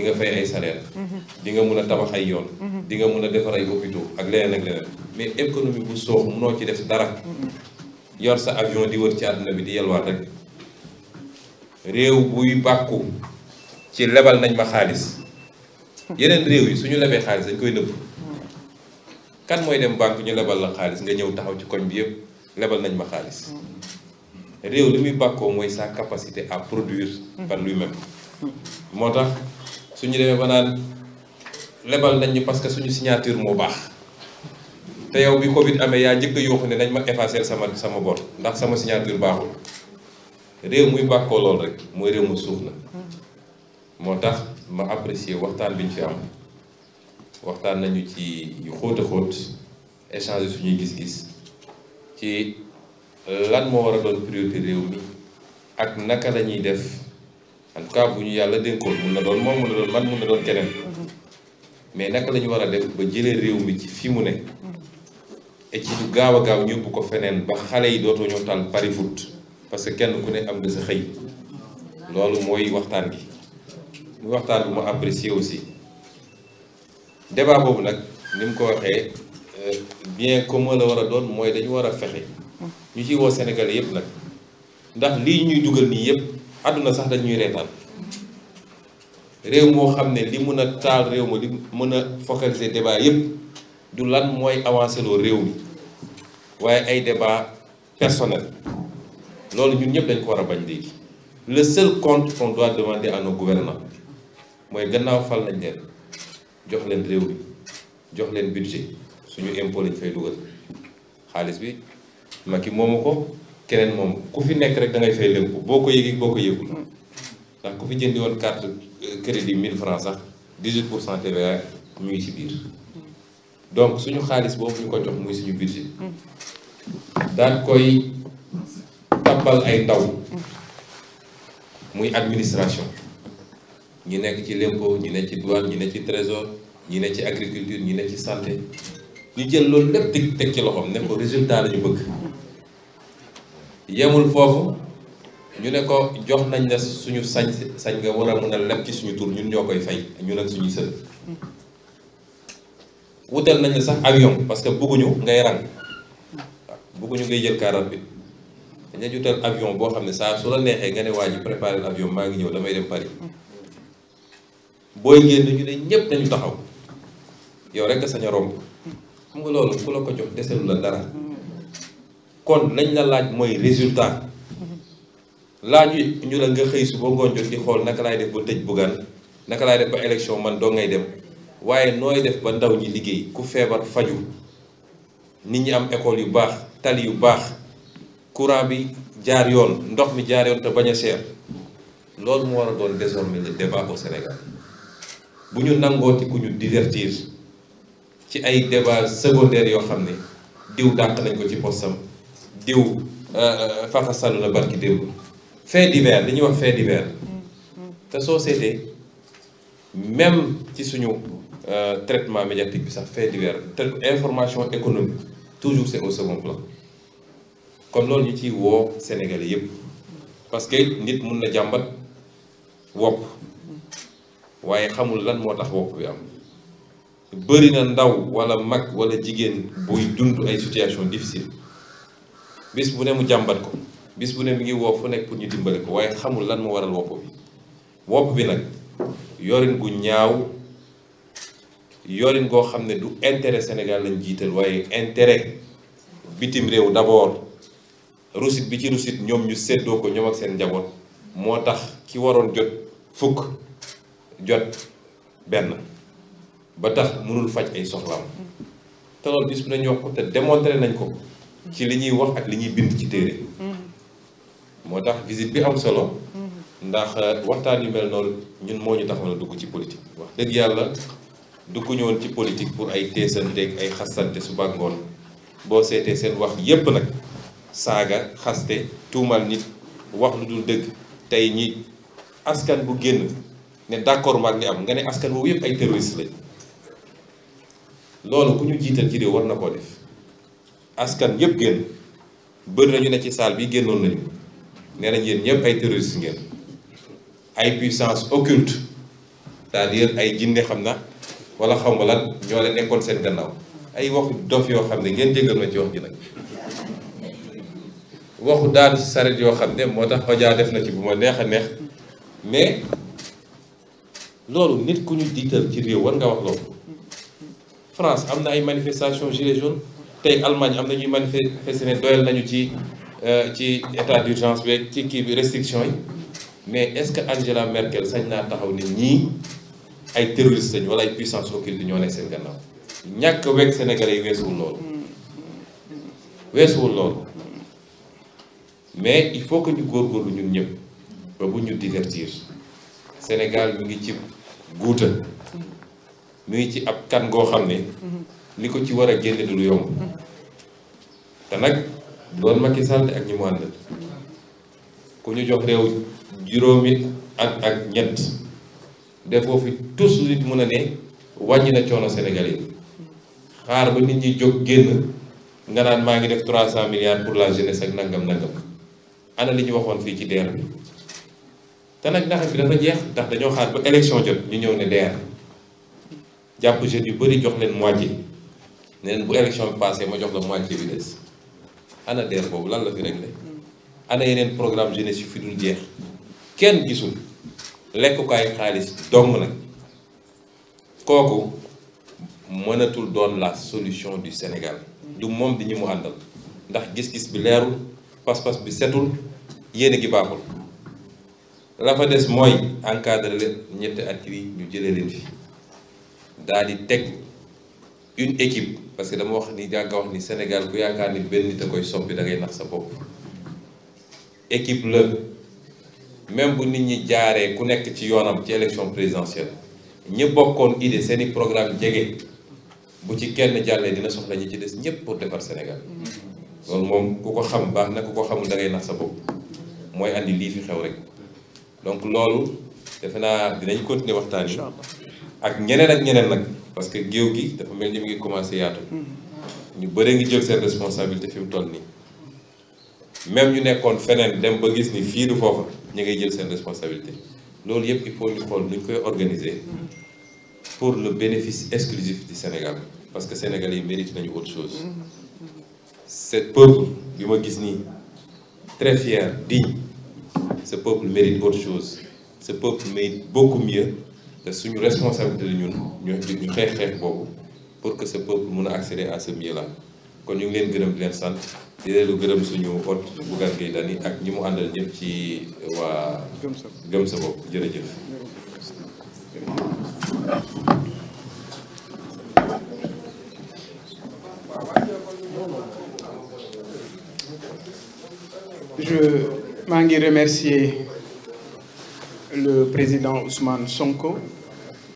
di nga fay ay salaire mm-hmm. di nga mun a tabax ay yoon mm-hmm. di nga mun a defar ay hôpitaux ak leneen ak leneen mais économie bu soox munoo ci def dara mm-hmm. yor sa avion di wër ci àdduna bi di yelwaat rek réew buy bàkku ci lebal nañ ma xaalis yeneen réew yi suñu lebee xaalis dañ koy nëbb kan mooy dem banque ñu lebal la xaalis nga ñëw taxaw ci koñ bi yëpp lebal nañ ma xaalis réew li muy bàkkoo mooy sa capacité à produire par lui-même moo tax suñu demee ba naan lebal nañ ñu parce que suñu signature moo baax te yow bi Covid amee yaa njëkk a yooxu ne nañ ma effacer sama sama bor ndax sama signature baaxul réew muy bàkkoo lool rek mooy réew mu suuf la moo tax ma apprécier waxtaan bi ñu fi am waxtaan nañu ci yu xóot a xóot échanger suñuy gis-gis ci lan moo war a doon priorité réew mi ak naka la ñuy def. en tout bu ñu yàlla dénkoon mun na doon moom mun na doon man mun na doon keneen mm-hmm. mais naka la war a def ba jëlee réew mi ci fi mu ne mm-hmm. et ci lu gaaw a gaaw ñu ko feneen ba xale yi dootoo ñoo taal pari foot parce que kenn ku ne am na sa xëy loolu mooy waxtaan gi muy waxtaan bu ma apprécier aussi débat boobu nag ni mu ko waxee euh, bien commun la war a doon mooy dañu war a fexe mm-hmm. ñu ci woo Sénégal yëpp nag ndax lii ñuy dugal nii yëpp. àdduna sax dañuy reetaan réew moo xam ne li mun a taal réew ma li mën a focaliser débat yépp du lan mooy avancé réew mi waaye ay débat personnel loolu ñun ñëpp dañ ko war a bañ léegi le seul compte qu'on doit demander à nos gouvernants mooy gannaaw fal nañ leen jox leen réew mi jox leen budget suñu impôt lañ fay dugal xaalis bi Macky moomu ko keneen moom ku fi nekk rek da ngay fay lépp boo ko yëgi boo ko yëgul ndax ku fi jëndi woon carte euh, crédit 1000 francs sax 18 pour cent TVA mu ngi ci biir donc suñu xaalis boobu ñu ko jox muy suñu budget daan koy tabbal ay ndaw muy administration ñi nekk ci lempo ñi ne ci douane ñi ne ci trésor ñi ne ci agriculture ñi ne ci santé ñu jël loolu lépp teg teg ci loxoom ne ko résultat la bëgg yemul foofu ñu ne ko jox nañ ne suñu sañ sañ nga war a mën a leb suñu tuur ñun ñoo koy fay ñun ak suñuy sët wutal nañ la sax avion parce que bëgguñu ngay rang bëgguñu ngay jël car rapide dañ la jutal avion boo xam ne saa su la neexee nga ne waa ji préparé avion maa ngi ñëw damay dem Paris booy génn ñu ne ñépp nañu taxaw yow rek nga sañ a romb xam nga loolu ku la ko jox deselu la dara kon lañ la laaj mooy résultat laaj ñu la nga xëy su ba ngoon jot di xool naka laay def ba tëj buggaan naka laay def ba élection man doo ngay dem waaye nooy def ba ndaw ñi liggéey ku feebar faju nit ñi am école yu baax tali yu baax courant bi jaar yoon ndox mi jaar yoon te bañ a seer loolu mu war a doon désormais le débat au Sénégal bu ñu nangooti ku ñu divertir ci ay débat secondaire yoo xam ne diw dàq nañ ko ci postam diw euh, euh, faxasalu na barki démb fait divers li ñuy wax fait divers te soo seetee même ci suñu euh, traitement médiatique bi sax fait divers te information économique toujours c'est au second plan kon loolu ñu ci woo Sénégalais yépp parce que nit mun na jàmbat wopp waaye xamul lan moo tax wopp bi am bëri na ndaw wala mag wala jigéen buy dund ay situation difficile bis bu ne mu jàmbat ko bis bu ne mi ngi woo fu nekk pour ñu dimbale ko waaye xamul lan moo waral wopp bi wopp bi nag yorin gu ñaaw yorin goo xam ne du intere Sénégal lañ jiital waaye intérêt bitim réew d'abord rusit bi ci rusit ñoom ñu seddoo ko ñoom ak seen njaboot moo tax ki waroon jot fukk jot benn ba tax mënul faj ay soxlaam te lool bis bu ne ñu wax ko te démontré nañ ko ci li ñuy wax ak li ñuy bind ci téere moo tax visite bi am solo ndax euh, waxtaan yu mel noonu ñun moo ñu taxoon dugg ci politique wax dëgg yàlla dugguñu woon ci politique pour ay teesanteeg ay xasante su bàggoon boo seetee seen wax yépp nag saaga xaste tuumal nit wax lu dul dëgg tey ñi askan bu génn ne d'accord maag li am nga ne askan boobu yépp ay terroriste lañ loolu ku ñu jiital ci réew war na koo def askan yëpp génn bëri nañu ne ci salle bi génnoon nañu nee nañ yéen ñëpp ay terroristes ngeen ay puissance occulte c'est-à-dire ay jinne xam na wala xaw ma lan ñoo leen nekkoon seen gannaaw ay waxu dof yoo xam ne ngeen jégal ma ci wax ji nag waxu daanu saret yoo xam ne moo tax xojaa def na ci bu ma neex a neex mais loolu nit ku ñu diital ci réew war nga wax loolu France am na ay manifestation gilets jaunes tey Allemagne am na ñuy manifester ne doyal nañu ci euh, ci état d'urgence beeg ci kii bi restriction yi mais est-ce que Angela Merkel sañ naa taxaw ne ñii ay terroristes lañu wala ay puissance occulte ñoo nekk seen gannaaw ñàkk weeg Sénégalais yi weesuwul loolu weesuwul loolu mais il faut que ñu góorgóorlu ñun ñëpp ba bu ñu divertir Sénégal mi ngi ci guuta mi ngi ci ab kan goo xam ne mm-hmm. li ko ci war a génne du lu yomb te nag doon Macky Sall ak ñi mu ku ñu jox réew juróomi at ak ñett defoo fi tous nit mun a ne wàññi na coono Sénégalais yi xaar ba nit ñi jóg génn nga naan maa ngi def trois cent milliards pour la jeunesse ak nangam nangam ana li ñu waxoon fii ci DER bi te nag ndax bi dafa jeex ndax dañoo xaar ba élection jot ñu ñëw ne DER jàpp jeunes yu bëri jox leen moitié neen bu élection bi passé ma jox la moitié bi des ana DER boobu lan la fi réglé ana yeneen programme jeunesse yu fi dul jeex kenn gisul lekkukaayu xaalis dong nag kooku mënatul doon la solution du Sénégal du moom di ñi mu àndal ndax gis-gis bi leerul pas-pas bi setul yéene gi baaxul la des mooy encadré leen ñetti at yi ñu jëlee leen fi daal di teg une équipe parce que dama wax ni jànga wax ni Sénégal ku yaakaar ni benn nit a koy soppi da ngay nax sa bopp équipe la même bu nit ñi jaaree ku nekk ci yoonam ci élection présidentielle ñi bokkoon idée seeni programme jege bu ci kenn jàllee dina soxla ñu ci des ñëpp pour defar Sénégal loolu moom ku ko xam baax na ku ko xamul dangay nax sa bopp mooy andi lii fi xew rek donc loolu defe naa dinañ continuer waxtaan yi ak ñeneen ak ñeneen nag parce que géew gi dafa mel ni mi ngi commencé yaatu ñu bëree ngi jël seen responsabilité fi mu toll nii même ñu nekkoon feneen dem ba gis ni fii du foofa ñu ngay jël seen responsabilité loolu yëpp il faut ñu xool nu ñu koy organiser pour le bénéfice exclusif du Sénégal parce que sénégal yi mérite nañu autre chose ce peuple bi ma gis nii très fier digne ce peuple mérite autre chose ce peuple mérite beaucoup mieux suñu responsabilité la ñun ñu ñu xeex xeex boobu pour que ce peuple mun a accéder à ce milieu kon ñu ngi leen gërëm di leen sant di leen gërëm suñu hôte Bougane Gueye Dany ak ñi mu àndal ñëpp ci waa. gëm sa bopp gëm sa bopp ngi remercier. président Ousmane Sonko